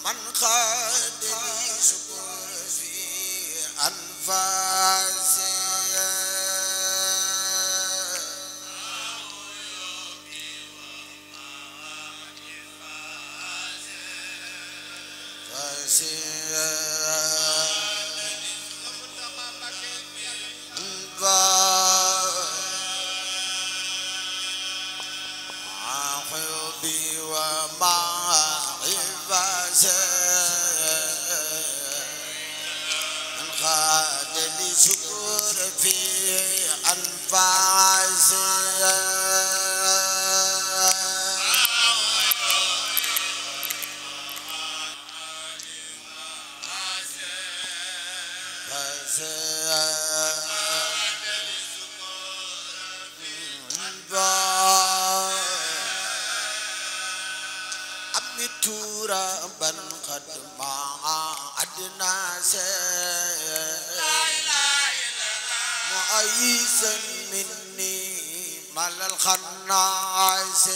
man xaadali sukur fi anfaasi شكر في أنفاسي Uh... عيسى مني مال الخناس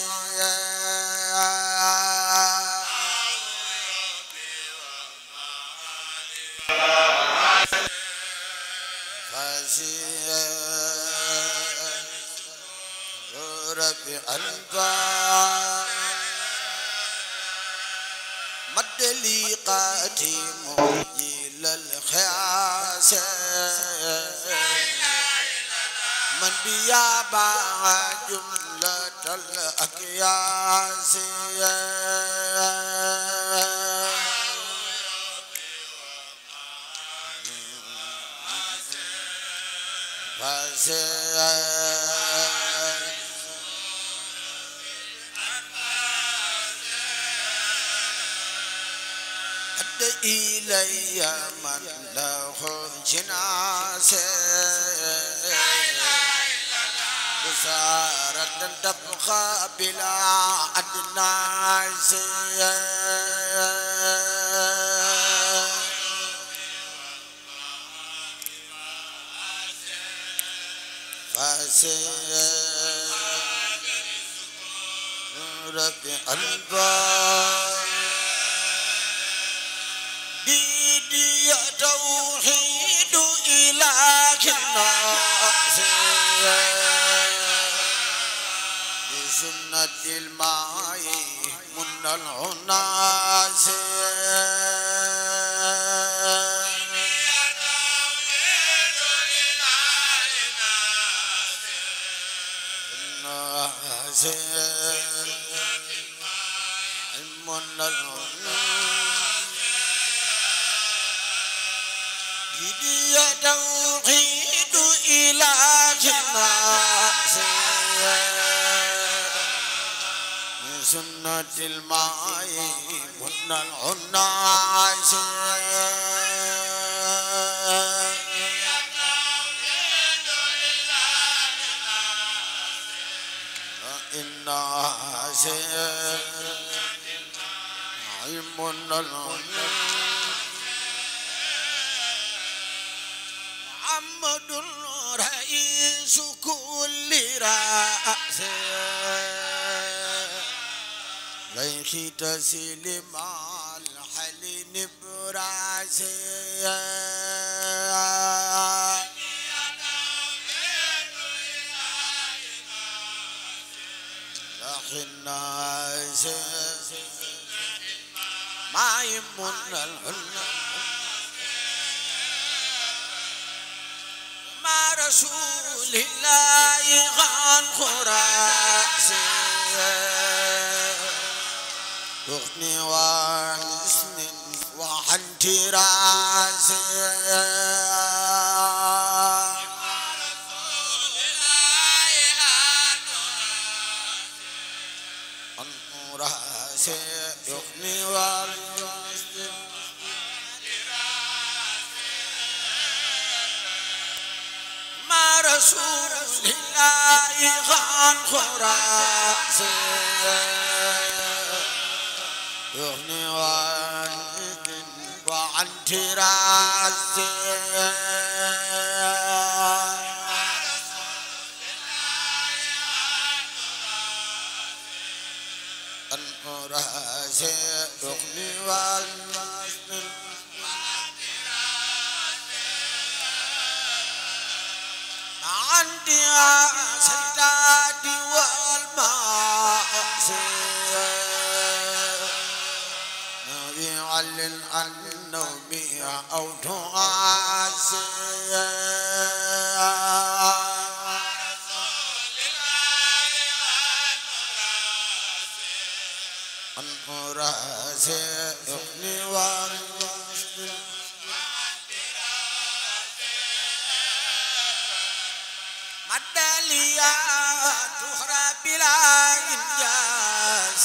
ربي ألبا مد لي قاتم إلى الخياسة من بيابا جملة الأكياس إلي من له جناسه بسارة تبقى بلا أدنى فسيرك الباب بيدي توحيد إلهنا سنة الماء من العناس من العناس جدي توحيد إلهنا سيد سنة الماء من العنا سنة إنا علم العنا محمد رئيس كل رأس شيخ تسلم الحل نبراسي الناس ما يمنا الحلم ما رسول الله غان خراسي ركن واسم وعن تراسي يغني والوسط ما رسول الله خان خراسان يغني والد وعن تراثه عن نومها أو تعاسيها عن مراسي يغني والمسلم مدى لي تخرى بلا إنجاز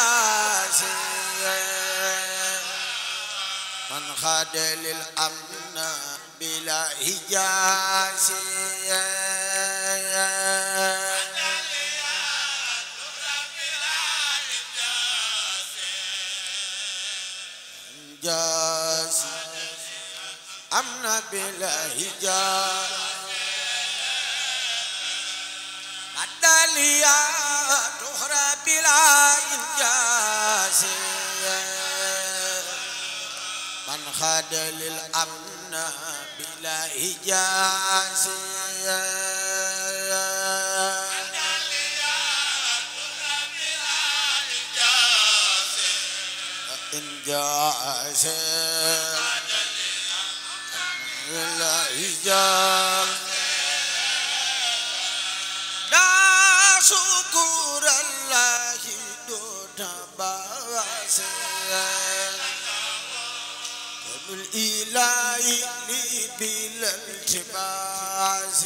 خاد للأمن بلا هجاز جاز أمن بلا هجاز الدالية تخرى بلا إنجاز انخاد للامن بلا هجاس ان جاس بلا هجاس لا شكر الله دون باسل الإله لي بالالتباس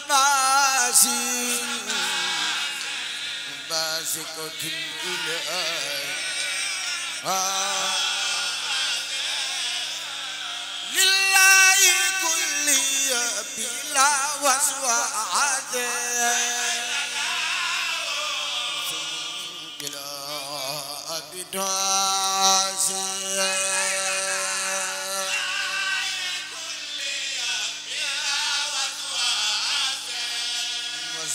باسي باسي قد الإله لله كل بلا وسوعة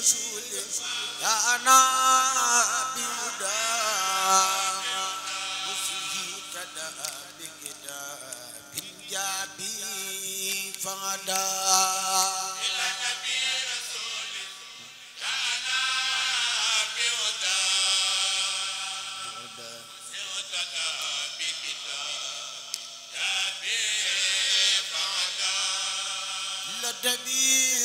رسول يا أنا بهدى وفيه كدا بكدا بالجابي فغدا الدبيب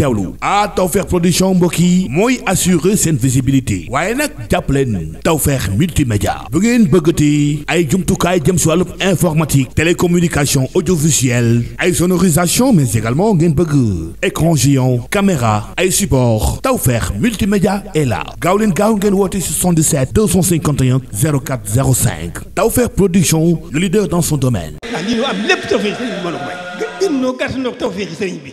teewlu ah Tawfekh production mbokk mooy assurer seen visibilité waaye nag jàpp leen Tawfekh multimédia bu ngeen bëggatee ay jumtukaay jëm si wàllu informatique télécommunication audiovisuelle ay sonorisation mais également ngeen bëgg écran géant caméra ay support Tawfekh multimédia est là gaaw leen gaaw ngeen woote 77 251 04 05 Tawfekh production le leader dans son domaine. Ah, am lépp Tawfekh sëriñ bi.